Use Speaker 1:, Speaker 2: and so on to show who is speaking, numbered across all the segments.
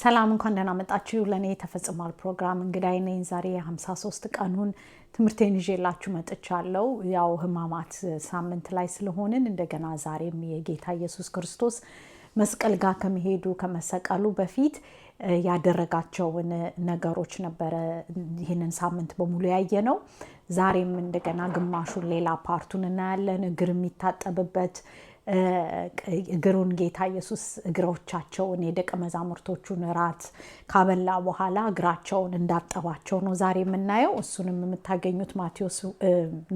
Speaker 1: ሰላም እንኳን ደህና መጣችሁ። ለእኔ የተፈጽሟል ፕሮግራም እንግዳይ ነኝ። ዛሬ የ53 ቀኑን ትምህርቴን ይዤላችሁ መጥቻለሁ። ያው ህማማት ሳምንት ላይ ስለሆንን እንደገና ዛሬም የጌታ ኢየሱስ ክርስቶስ መስቀል ጋር ከመሄዱ ከመሰቀሉ በፊት ያደረጋቸውን ነገሮች ነበረ ይህንን ሳምንት በሙሉ ያየ ነው። ዛሬም እንደገና ግማሹን ሌላ ፓርቱን እናያለን። እግር የሚታጠብበት እግሩን ጌታ ኢየሱስ እግሮቻቸውን የደቀ መዛሙርቶቹን እራት ካበላ በኋላ እግራቸውን እንዳጠባቸው ነው ዛሬ የምናየው። እሱንም የምታገኙት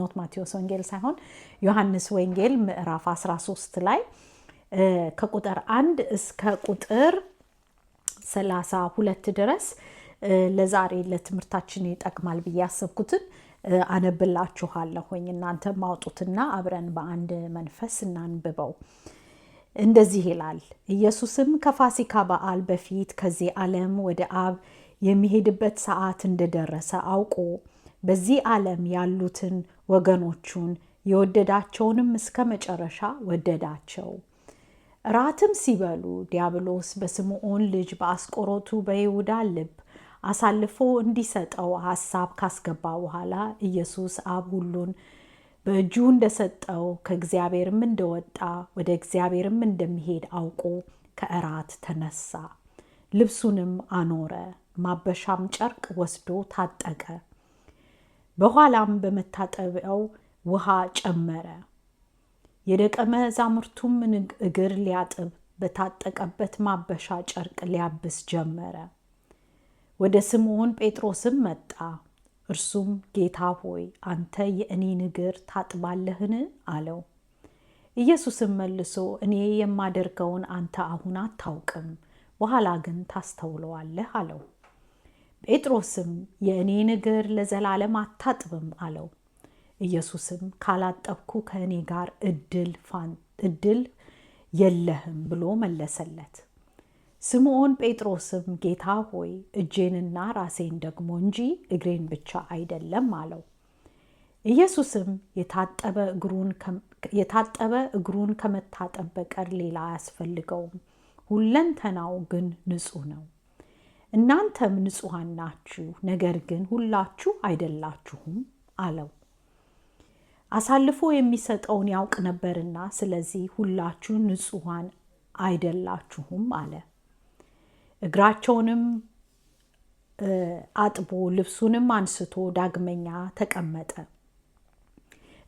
Speaker 1: ኖት ማቴዎስ ወንጌል ሳይሆን ዮሐንስ ወንጌል ምዕራፍ 13 ላይ ከቁጥር አንድ እስከ ቁጥር 32 ሁለት ድረስ ለዛሬ ለትምህርታችን ይጠቅማል ብዬ ያሰብኩትን አነብላችኋለሁኝ። እናንተም አውጡትና አብረን በአንድ መንፈስ እናንብበው። እንደዚህ ይላል። ኢየሱስም ከፋሲካ በዓል በፊት ከዚህ ዓለም ወደ አብ የሚሄድበት ሰዓት እንደደረሰ አውቆ በዚህ ዓለም ያሉትን ወገኖቹን የወደዳቸውንም እስከ መጨረሻ ወደዳቸው። እራትም ሲበሉ ዲያብሎስ በስምዖን ልጅ በአስቆሮቱ በይሁዳ ልብ አሳልፎ እንዲሰጠው ሀሳብ ካስገባ በኋላ ኢየሱስ አብ ሁሉን በእጁ እንደሰጠው ከእግዚአብሔርም እንደወጣ ወደ እግዚአብሔርም እንደሚሄድ አውቆ ከእራት ተነሳ። ልብሱንም አኖረ፣ ማበሻም ጨርቅ ወስዶ ታጠቀ። በኋላም በመታጠቢያው ውሃ ጨመረ። የደቀ መዛሙርቱም እግር ሊያጥብ በታጠቀበት ማበሻ ጨርቅ ሊያብስ ጀመረ። ወደ ስምዖን ጴጥሮስም መጣ። እርሱም ጌታ ሆይ አንተ የእኔ እግር ታጥባለህን? አለው። ኢየሱስም መልሶ እኔ የማደርገውን አንተ አሁን አታውቅም፣ በኋላ ግን ታስተውለዋለህ አለው። ጴጥሮስም የእኔን እግር ለዘላለም አታጥብም አለው። ኢየሱስም ካላጠብኩ ከእኔ ጋር እድል የለህም ብሎ መለሰለት። ስምዖን ጴጥሮስም ጌታ ሆይ እጄንና ራሴን ደግሞ እንጂ እግሬን ብቻ አይደለም አለው። ኢየሱስም የታጠበ እግሩን ከመታጠብ በቀር ሌላ አያስፈልገውም፣ ሁለንተናው ግን ንጹሕ ነው። እናንተም ንጹሐን ናችሁ፣ ነገር ግን ሁላችሁ አይደላችሁም አለው። አሳልፎ የሚሰጠውን ያውቅ ነበርና፣ ስለዚህ ሁላችሁ ንጹሐን አይደላችሁም አለ። እግራቸውንም አጥቦ ልብሱንም አንስቶ ዳግመኛ ተቀመጠ።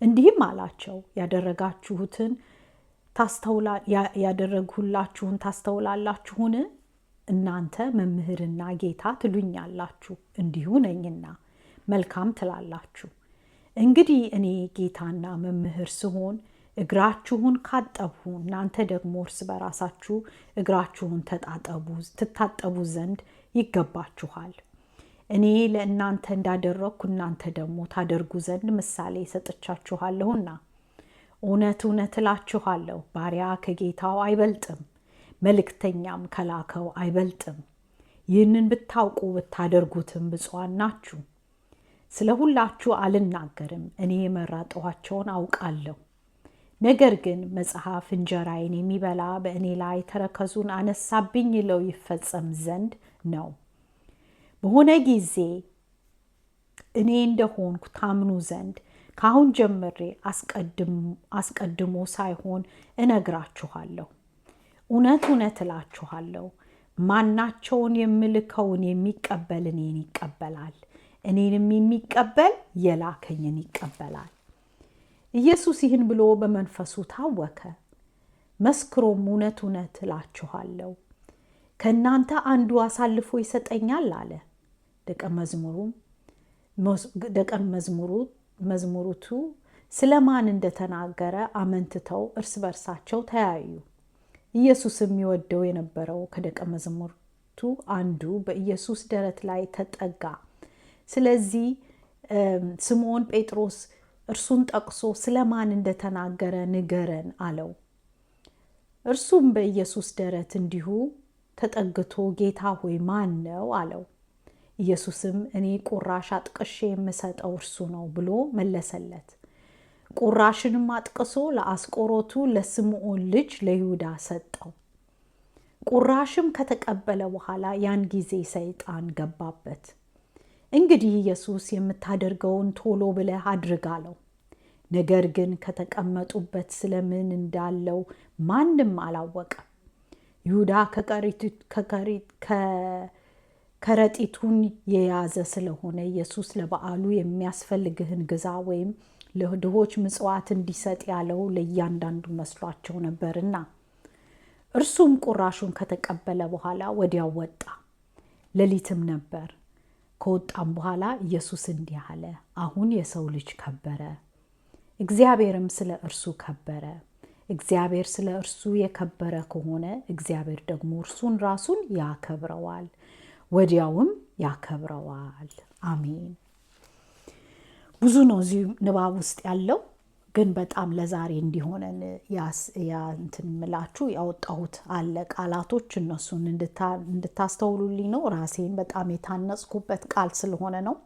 Speaker 1: እንዲህም አላቸው፣ ያደረጋችሁትን ያደረግሁላችሁን ታስተውላላችሁን? እናንተ መምህርና ጌታ ትሉኛላችሁ እንዲሁ ነኝና መልካም ትላላችሁ። እንግዲህ እኔ ጌታና መምህር ስሆን እግራችሁን ካጠቡ እናንተ ደግሞ እርስ በራሳችሁ እግራችሁን ተጣጠቡ ትታጠቡ ዘንድ ይገባችኋል። እኔ ለእናንተ እንዳደረግኩ እናንተ ደግሞ ታደርጉ ዘንድ ምሳሌ ሰጥቻችኋለሁና። እውነት እውነት እላችኋለሁ ባሪያ ከጌታው አይበልጥም፣ መልእክተኛም ከላከው አይበልጥም። ይህንን ብታውቁ ብታደርጉትም ብፁዓን ናችሁ። ስለ ሁላችሁ አልናገርም፣ እኔ የመረጥኋቸውን አውቃለሁ ነገር ግን መጽሐፍ እንጀራዬን የሚበላ በእኔ ላይ ተረከዙን አነሳብኝ ይለው ይፈጸም ዘንድ ነው። በሆነ ጊዜ እኔ እንደሆንኩ ታምኑ ዘንድ ከአሁን ጀምሬ አስቀድሞ ሳይሆን እነግራችኋለሁ። እውነት እውነት እላችኋለሁ ማናቸውን የምልከውን የሚቀበል እኔን ይቀበላል፣ እኔንም የሚቀበል የላከኝን ይቀበላል። ኢየሱስ ይህን ብሎ በመንፈሱ ታወከ፣ መስክሮም እውነት እውነት እላችኋለሁ ከእናንተ አንዱ አሳልፎ ይሰጠኛል አለ። ደቀ መዝሙሩም ደቀ መዝሙሩቱ ስለ ማን እንደተናገረ አመንትተው እርስ በርሳቸው ተያዩ። ኢየሱስ የሚወደው የነበረው ከደቀ መዝሙርቱ አንዱ በኢየሱስ ደረት ላይ ተጠጋ። ስለዚህ ስምዖን ጴጥሮስ እርሱን ጠቅሶ ስለ ማን እንደተናገረ ንገረን አለው። እርሱም በኢየሱስ ደረት እንዲሁ ተጠግቶ ጌታ ሆይ ማን ነው አለው። ኢየሱስም እኔ ቁራሽ አጥቅሼ የምሰጠው እርሱ ነው ብሎ መለሰለት። ቁራሽንም አጥቅሶ ለአስቆሮቱ ለስምዖን ልጅ ለይሁዳ ሰጠው። ቁራሽም ከተቀበለ በኋላ ያን ጊዜ ሰይጣን ገባበት። እንግዲህ ኢየሱስ የምታደርገውን ቶሎ ብለህ አድርግ አለው። ነገር ግን ከተቀመጡበት ስለምን እንዳለው ማንም አላወቀም። ይሁዳ ከረጢቱን የያዘ ስለሆነ ኢየሱስ ለበዓሉ የሚያስፈልግህን ግዛ ወይም ለድሆች ምጽዋት እንዲሰጥ ያለው ለእያንዳንዱ መስሏቸው ነበርና እርሱም ቁራሹን ከተቀበለ በኋላ ወዲያው ወጣ። ሌሊትም ነበር። ከወጣም በኋላ ኢየሱስ እንዲህ አለ፣ አሁን የሰው ልጅ ከበረ፣ እግዚአብሔርም ስለ እርሱ ከበረ። እግዚአብሔር ስለ እርሱ የከበረ ከሆነ እግዚአብሔር ደግሞ እርሱን ራሱን ያከብረዋል፣ ወዲያውም ያከብረዋል። አሜን። ብዙ ነው እዚህ ንባብ ውስጥ ያለው። ግን በጣም ለዛሬ እንዲሆነን እንትን ምላችሁ ያወጣሁት አለ ቃላቶች እነሱን እንድታስተውሉልኝ ነው። ራሴን በጣም የታነጽኩበት ቃል ስለሆነ ነው።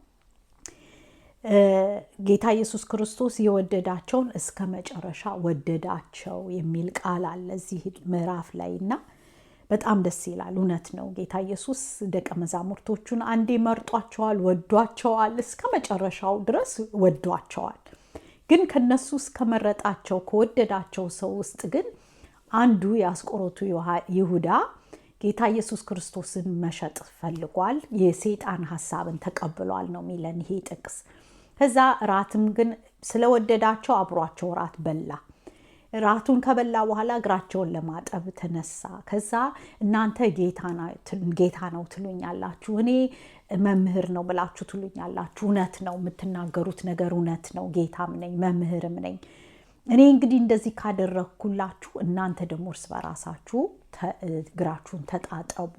Speaker 1: ጌታ ኢየሱስ ክርስቶስ የወደዳቸውን እስከ መጨረሻ ወደዳቸው የሚል ቃል አለ እዚህ ምዕራፍ ላይ እና በጣም ደስ ይላል። እውነት ነው። ጌታ ኢየሱስ ደቀ መዛሙርቶቹን አንዴ መርጧቸዋል፣ ወዷቸዋል፣ እስከ መጨረሻው ድረስ ወዷቸዋል። ግን ከነሱ ውስጥ ከመረጣቸው ከወደዳቸው ሰው ውስጥ ግን አንዱ የአስቆሮቱ ይሁዳ ጌታ ኢየሱስ ክርስቶስን መሸጥ ፈልጓል። የሴጣን ሀሳብን ተቀብሏል ነው የሚለን ይሄ ጥቅስ። ከዛ እራትም ግን ስለወደዳቸው አብሯቸው እራት በላ። ራቱን ከበላ በኋላ እግራቸውን ለማጠብ ተነሳ። ከዛ እናንተ ጌታ ነው ትሉኛላችሁ፣ እኔ መምህር ነው ብላችሁ ትሉኛላችሁ። እውነት ነው የምትናገሩት ነገር እውነት ነው፣ ጌታም ነኝ መምህርም ነኝ። እኔ እንግዲህ እንደዚህ ካደረግኩላችሁ እናንተ ደግሞ እርስ በራሳችሁ እግራችሁን ተጣጠቡ።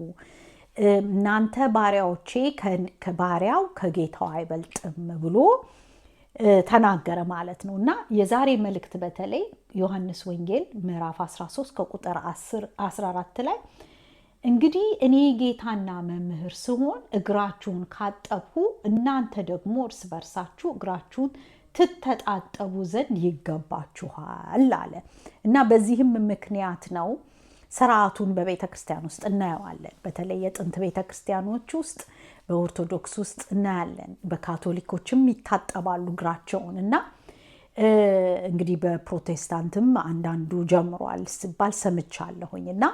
Speaker 1: እናንተ ባሪያዎቼ፣ ባሪያው ከጌታው አይበልጥም ብሎ ተናገረ ማለት ነው። እና የዛሬ መልእክት በተለይ ዮሐንስ ወንጌል ምዕራፍ 13 ከቁጥር 14 ላይ እንግዲህ እኔ ጌታና መምህር ስሆን እግራችሁን ካጠብሁ እናንተ ደግሞ እርስ በርሳችሁ እግራችሁን ትተጣጠቡ ዘንድ ይገባችኋል አለ እና በዚህም ምክንያት ነው ስርዓቱን በቤተ ክርስቲያን ውስጥ እናየዋለን። በተለይ የጥንት ቤተ ክርስቲያኖች ውስጥ በኦርቶዶክስ ውስጥ እናያለን። በካቶሊኮችም ይታጠባሉ እግራቸውን እና እንግዲህ በፕሮቴስታንትም አንዳንዱ ጀምሯል ሲባል ሰምቻለሁኝ እና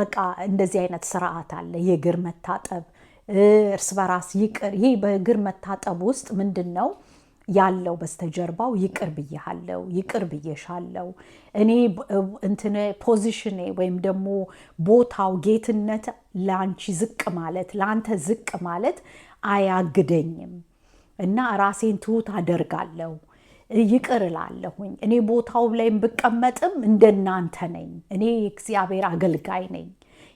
Speaker 1: በቃ እንደዚህ አይነት ስርዓት አለ፣ የእግር መታጠብ እርስ በራስ ይቅር። ይሄ በእግር መታጠብ ውስጥ ምንድን ነው ያለው በስተጀርባው ይቅር ብያለው ይቅር ብዬሻለው፣ እኔ እንትነ ፖዚሽኔ ወይም ደግሞ ቦታው ጌትነት ለአንቺ ዝቅ ማለት ለአንተ ዝቅ ማለት አያግደኝም እና ራሴን ትሁት አደርጋለሁ፣ ይቅር እላለሁኝ። እኔ ቦታው ላይ ብቀመጥም እንደናንተ ነኝ። እኔ የእግዚአብሔር አገልጋይ ነኝ።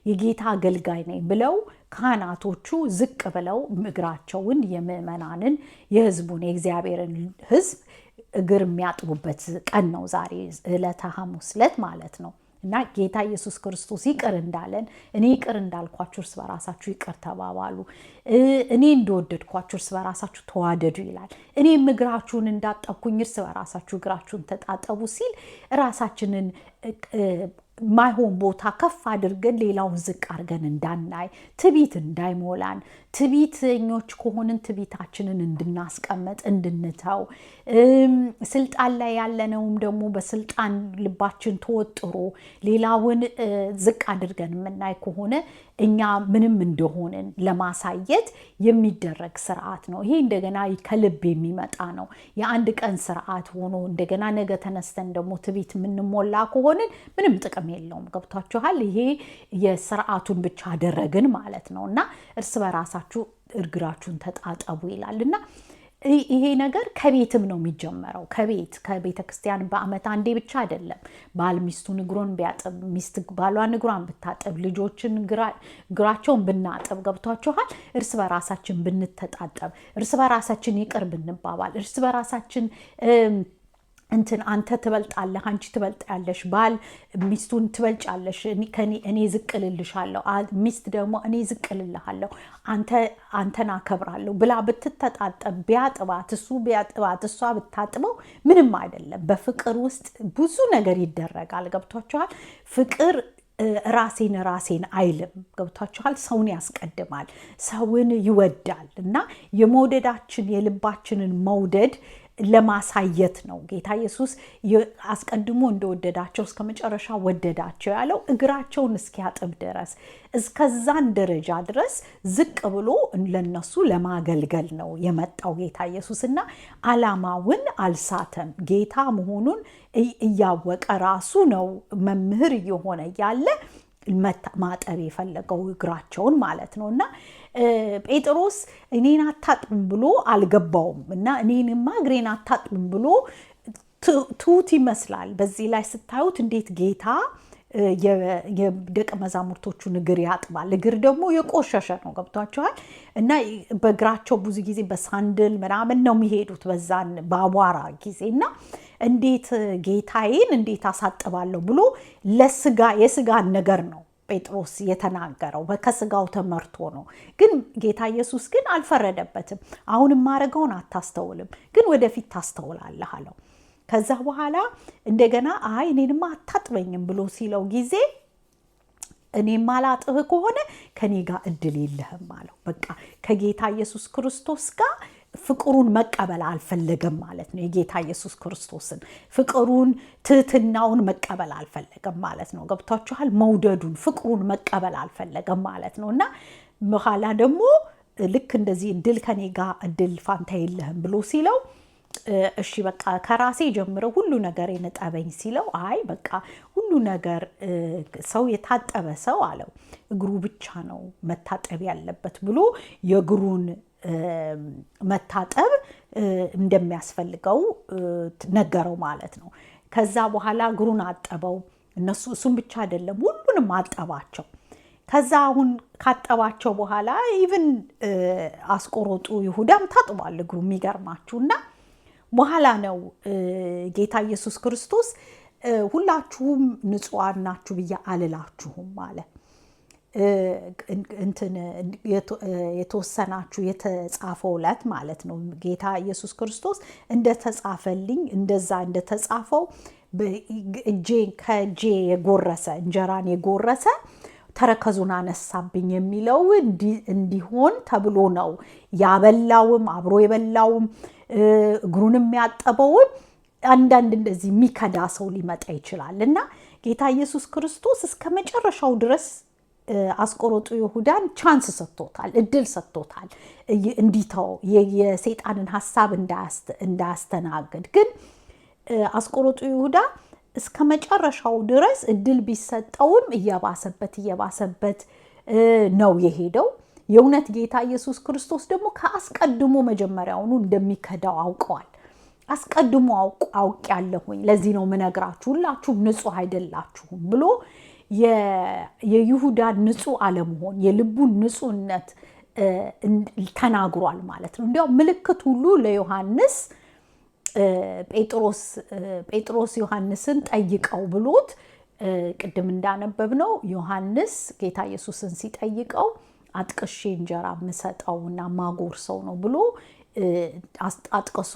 Speaker 1: የጌታ አገልጋይ ነኝ ብለው ካህናቶቹ ዝቅ ብለው እግራቸውን የምእመናንን የህዝቡን የእግዚአብሔርን ህዝብ እግር የሚያጥቡበት ቀን ነው ዛሬ ዕለተ ሐሙስ ዕለት ማለት ነው። እና ጌታ ኢየሱስ ክርስቶስ ይቅር እንዳለን እኔ ይቅር እንዳልኳችሁ እርስ በራሳችሁ ይቅር ተባባሉ፣ እኔ እንደወደድኳችሁ እርስ በራሳችሁ ተዋደዱ ይላል። እኔም እግራችሁን እንዳጠብኩኝ እርስ በራሳችሁ እግራችሁን ተጣጠቡ ሲል ራሳችንን ማይሆን ቦታ ከፍ አድርገን ሌላውን ዝቅ አድርገን እንዳናይ ትቢት እንዳይሞላን ትቢተኞች ከሆንን ትቢታችንን እንድናስቀመጥ እንድንተው፣ ስልጣን ላይ ያለነውም ደግሞ በስልጣን ልባችን ተወጥሮ ሌላውን ዝቅ አድርገን የምናይ ከሆነ እኛ ምንም እንደሆንን ለማሳየት የሚደረግ ስርዓት ነው። ይሄ እንደገና ከልብ የሚመጣ ነው። የአንድ ቀን ስርዓት ሆኖ እንደገና ነገ ተነስተን ደግሞ ትቢት የምንሞላ ከሆንን ምንም ጥቅም የለውም። ገብቷችኋል? ይሄ የስርዓቱን ብቻ አደረግን ማለት ነው እና እርስ በራሳ ራሳችሁ እግራችሁን ተጣጠቡ ይላል እና ይሄ ነገር ከቤትም ነው የሚጀመረው። ከቤት ከቤተ ክርስቲያን በዓመት አንዴ ብቻ አይደለም። ባል ሚስቱን እግሮን ቢያጥብ፣ ሚስት ባሏን እግሯን ብታጥብ፣ ልጆችን እግራቸውን ብናጥብ፣ ገብቷችኋል። እርስ በራሳችን ብንተጣጠብ፣ እርስ በራሳችን ይቅር ብንባባል፣ እርስ በራሳችን እንትን አንተ ትበልጣለህ፣ አንቺ ትበልጣለሽ፣ ባል ሚስቱን ትበልጫለሽ፣ እኔ ዝቅልልሽ እልልሻለሁ፣ ሚስት ደግሞ እኔ ዝቅልልሃለሁ፣ እልልሃለሁ፣ አንተን አከብራለሁ ብላ ብትተጣጠብ ቢያጥባት እሱ ቢያጥባት እሷ ብታጥበው ምንም አይደለም። በፍቅር ውስጥ ብዙ ነገር ይደረጋል። ገብቷችኋል? ፍቅር ራሴን ራሴን አይልም። ገብቷችኋል? ሰውን ያስቀድማል፣ ሰውን ይወዳል እና የመውደዳችን የልባችንን መውደድ ለማሳየት ነው። ጌታ ኢየሱስ አስቀድሞ እንደወደዳቸው እስከ መጨረሻ ወደዳቸው ያለው እግራቸውን እስኪያጥብ ድረስ እስከዛን ደረጃ ድረስ ዝቅ ብሎ ለነሱ ለማገልገል ነው የመጣው ጌታ ኢየሱስ እና ዓላማውን አልሳተም። ጌታ መሆኑን እያወቀ ራሱ ነው መምህር እየሆነ ያለ ማጠብ የፈለገው እግራቸውን ማለት ነው። እና ጴጥሮስ እኔን አታጥብም ብሎ አልገባውም። እና እኔንማ እግሬን አታጥብም ብሎ ትሁት ይመስላል። በዚህ ላይ ስታዩት እንዴት ጌታ የደቀ መዛሙርቶቹን እግር ያጥባል። እግር ደግሞ የቆሸሸ ነው፣ ገብቷቸዋል። እና በእግራቸው ብዙ ጊዜ በሳንድል ምናምን ነው የሚሄዱት በዛን በአቧራ ጊዜ እና እንዴት ጌታዬን እንዴት አሳጥባለሁ ብሎ ለስጋ የስጋን ነገር ነው ጴጥሮስ የተናገረው ከስጋው ተመርቶ ነው። ግን ጌታ ኢየሱስ ግን አልፈረደበትም። አሁን የማደርገውን አታስተውልም፣ ግን ወደፊት ታስተውላለህ አለው። ከዛ በኋላ እንደገና አይ እኔንማ አታጥበኝም ብሎ ሲለው ጊዜ እኔም አላጥህ ከሆነ ከኔ ጋር እድል የለህም አለው። በቃ ከጌታ ኢየሱስ ክርስቶስ ጋር ፍቅሩን መቀበል አልፈለገም ማለት ነው። የጌታ ኢየሱስ ክርስቶስን ፍቅሩን፣ ትህትናውን መቀበል አልፈለገም ማለት ነው። ገብቷችኋል? መውደዱን፣ ፍቅሩን መቀበል አልፈለገም ማለት ነው እና በኋላ ደግሞ ልክ እንደዚህ እድል ከኔ ጋር እድል ፋንታ የለህም ብሎ ሲለው እሺ በቃ ከራሴ ጀምረው ሁሉ ነገር የነጠበኝ ሲለው፣ አይ በቃ ሁሉ ነገር ሰው የታጠበ ሰው አለው እግሩ ብቻ ነው መታጠብ ያለበት ብሎ የእግሩን መታጠብ እንደሚያስፈልገው ነገረው ማለት ነው። ከዛ በኋላ እግሩን አጠበው። እነሱ እሱም ብቻ አይደለም ሁሉንም አጠባቸው። ከዛ አሁን ካጠባቸው በኋላ ኢቭን አስቆሮጡ ይሁዳም ታጥቧል እግሩ የሚገርማችሁ እና በኋላ ነው ጌታ ኢየሱስ ክርስቶስ ሁላችሁም ንጹዋን ናችሁ ብዬ አልላችሁም አለ። እንትን የተወሰናችሁ የተጻፈው ዕለት ማለት ነው። ጌታ ኢየሱስ ክርስቶስ እንደተጻፈልኝ እንደዛ እንደተጻፈው እጄ ከእጄ የጎረሰ እንጀራን የጎረሰ ተረከዙን አነሳብኝ የሚለው እንዲሆን ተብሎ ነው። ያበላውም አብሮ የበላውም እግሩንም ያጠበውም አንዳንድ እንደዚህ የሚከዳ ሰው ሊመጣ ይችላል እና ጌታ ኢየሱስ ክርስቶስ እስከ መጨረሻው ድረስ አስቆሮጡ ይሁዳን ቻንስ ሰጥቶታል፣ እድል ሰጥቶታል እንዲተው የሰይጣንን ሀሳብ እንዳያስተናግድ። ግን አስቆሮጡ ይሁዳ እስከ መጨረሻው ድረስ እድል ቢሰጠውም እየባሰበት እየባሰበት ነው የሄደው። የእውነት ጌታ ኢየሱስ ክርስቶስ ደግሞ ከአስቀድሞ መጀመሪያውኑ እንደሚከዳው አውቀዋል። አስቀድሞ አውቅ ያለሁኝ ለዚህ ነው ምነግራችሁ፣ ሁላችሁም ንጹሕ አይደላችሁም ብሎ የይሁዳ ንጹሕ አለመሆን የልቡን ንጹሕነት ተናግሯል ማለት ነው። እንዲያው ምልክት ሁሉ ለዮሐንስ ጴጥሮስ ዮሐንስን ጠይቀው ብሎት ቅድም እንዳነበብ ነው ዮሐንስ ጌታ ኢየሱስን ሲጠይቀው አጥቅሼ እንጀራ የምሰጠው እና ማጎርሰው ነው ብሎ አጥቅሶ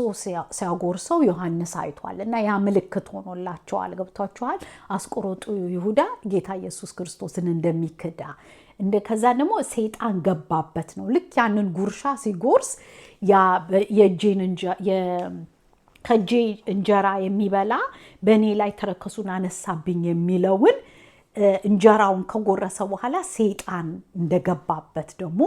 Speaker 1: ሲያጎርሰው ዮሐንስ አይቷል እና ያ ምልክት ሆኖላቸዋል። ገብቷችኋል? አስቆሮጡ ይሁዳ ጌታ ኢየሱስ ክርስቶስን እንደሚክዳ ከዛ ደግሞ ሰይጣን ገባበት ነው። ልክ ያንን ጉርሻ ሲጎርስ ከእጄ እንጀራ የሚበላ በእኔ ላይ ተረከሱን አነሳብኝ የሚለውን እንጀራውን ከጎረሰ በኋላ ሰይጣን እንደገባበት ደግሞ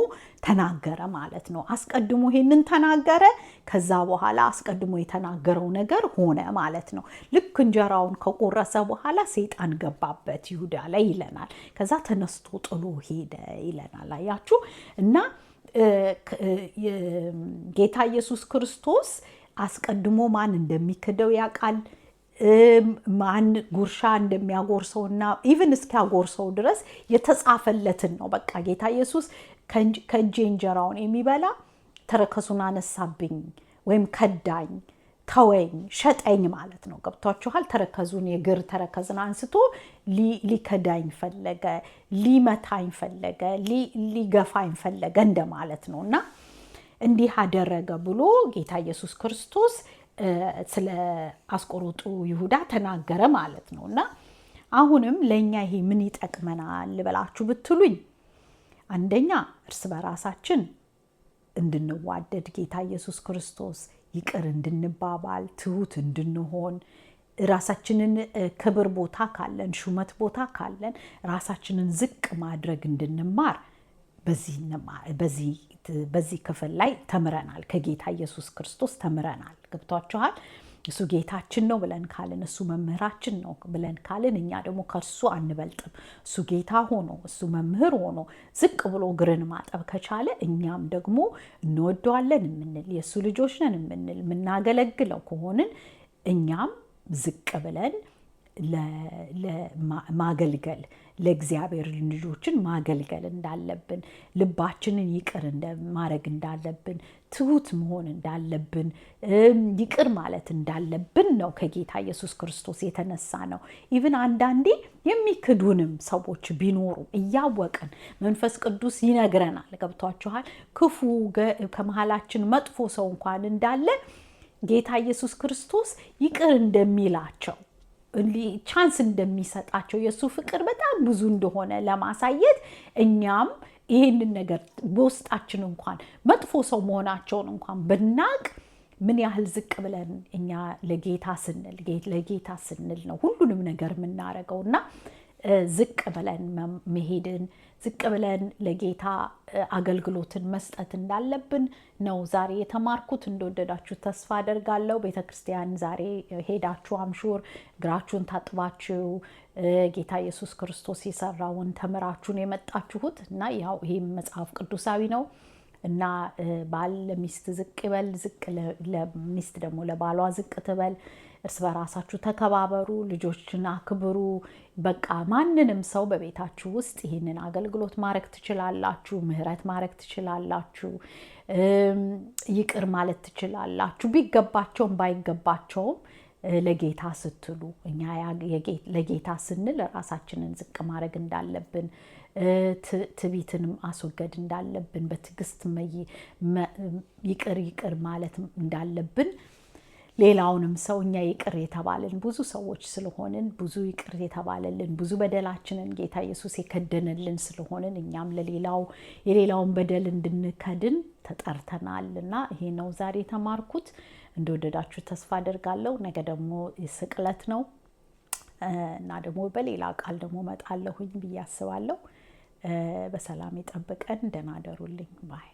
Speaker 1: ተናገረ ማለት ነው። አስቀድሞ ይሄንን ተናገረ። ከዛ በኋላ አስቀድሞ የተናገረው ነገር ሆነ ማለት ነው። ልክ እንጀራውን ከቆረሰ በኋላ ሰይጣን ገባበት ይሁዳ ላይ ይለናል። ከዛ ተነስቶ ጥሎ ሄደ ይለናል። አያችሁ እና ጌታ ኢየሱስ ክርስቶስ አስቀድሞ ማን እንደሚክደው ያውቃል። ማን ጉርሻ እንደሚያጎርሰውና ኢቭን እስኪያጎርሰው ድረስ የተጻፈለትን ነው። በቃ ጌታ ኢየሱስ ከእጄ እንጀራውን የሚበላ ተረከሱን አነሳብኝ ወይም ከዳኝ ተወኝ ሸጠኝ ማለት ነው። ገብቷችኋል? ተረከዙን የግር ተረከዝን አንስቶ ሊከዳኝ ፈለገ፣ ሊመታኝ ፈለገ፣ ሊገፋኝ ፈለገ እንደማለት ነው እና እንዲህ አደረገ ብሎ ጌታ ኢየሱስ ክርስቶስ ስለ አስቆሮጡ ይሁዳ ተናገረ ማለት ነው። እና አሁንም ለእኛ ይሄ ምን ይጠቅመናል ልበላችሁ ብትሉኝ አንደኛ እርስ በራሳችን እንድንዋደድ ጌታ ኢየሱስ ክርስቶስ ይቅር እንድንባባል ትሁት እንድንሆን ራሳችንን ክብር ቦታ ካለን ሹመት ቦታ ካለን ራሳችንን ዝቅ ማድረግ እንድንማር በዚህ በዚህ ክፍል ላይ ተምረናል። ከጌታ ኢየሱስ ክርስቶስ ተምረናል። ገብቷችኋል? እሱ ጌታችን ነው ብለን ካልን እሱ መምህራችን ነው ብለን ካልን እኛ ደግሞ ከእሱ አንበልጥም። እሱ ጌታ ሆኖ እሱ መምህር ሆኖ ዝቅ ብሎ እግርን ማጠብ ከቻለ እኛም ደግሞ እንወደዋለን የምንል የእሱ ልጆች ነን የምንል የምናገለግለው ከሆንን እኛም ዝቅ ብለን ማገልገል ለእግዚአብሔር ልጆችን ማገልገል እንዳለብን ልባችንን ይቅር ማድረግ እንዳለብን ትሁት መሆን እንዳለብን ይቅር ማለት እንዳለብን ነው ከጌታ ኢየሱስ ክርስቶስ የተነሳ ነው። ኢቭን አንዳንዴ የሚክዱንም ሰዎች ቢኖሩም እያወቅን መንፈስ ቅዱስ ይነግረናል። ገብቷችኋል? ክፉ ከመሀላችን መጥፎ ሰው እንኳን እንዳለ ጌታ ኢየሱስ ክርስቶስ ይቅር እንደሚላቸው ቻንስ እንደሚሰጣቸው የእሱ ፍቅር በጣም ብዙ እንደሆነ ለማሳየት እኛም ይህንን ነገር በውስጣችን እንኳን መጥፎ ሰው መሆናቸውን እንኳን ብናቅ ምን ያህል ዝቅ ብለን እኛ ለጌታ ስንል ለጌታ ስንል ነው ሁሉንም ነገር የምናደርገው እና ዝቅ ብለን መሄድን ዝቅ ብለን ለጌታ አገልግሎትን መስጠት እንዳለብን ነው ዛሬ የተማርኩት። እንደወደዳችሁ ተስፋ አደርጋለሁ። ቤተ ክርስቲያን ዛሬ ሄዳችሁ አምሹር እግራችሁን ታጥባችሁ ጌታ ኢየሱስ ክርስቶስ የሰራውን ተምራችሁን የመጣችሁት እና ያው ይህም መጽሐፍ ቅዱሳዊ ነው እና ባል ለሚስት ዝቅ ይበል፣ ዝቅ ለሚስት ደግሞ ለባሏ ዝቅ ትበል እርስ በራሳችሁ ተከባበሩ፣ ልጆችን አክብሩ። በቃ ማንንም ሰው በቤታችሁ ውስጥ ይህንን አገልግሎት ማድረግ ትችላላችሁ፣ ምህረት ማድረግ ትችላላችሁ፣ ይቅር ማለት ትችላላችሁ። ቢገባቸውም ባይገባቸውም ለጌታ ስትሉ እኛ ለጌታ ስንል ራሳችንን ዝቅ ማድረግ እንዳለብን ትቢትንም ማስወገድ እንዳለብን በትዕግስት ይቅር ይቅር ማለት እንዳለብን ሌላውንም ሰው እኛ ይቅር የተባለን ብዙ ሰዎች ስለሆንን ብዙ ይቅር የተባለልን ብዙ በደላችንን ጌታ ኢየሱስ የከደነልን ስለሆንን እኛም ለሌላው የሌላውን በደል እንድንከድን ተጠርተናል እና ይሄ ነው ዛሬ የተማርኩት። እንደወደዳችሁ ተስፋ አደርጋለሁ። ነገ ደግሞ ስቅለት ነው እና ደግሞ በሌላ ቃል ደግሞ መጣለሁኝ ብዬ አስባለሁ። በሰላም የጠብቀን። ደህና ደሩልኝ ባይ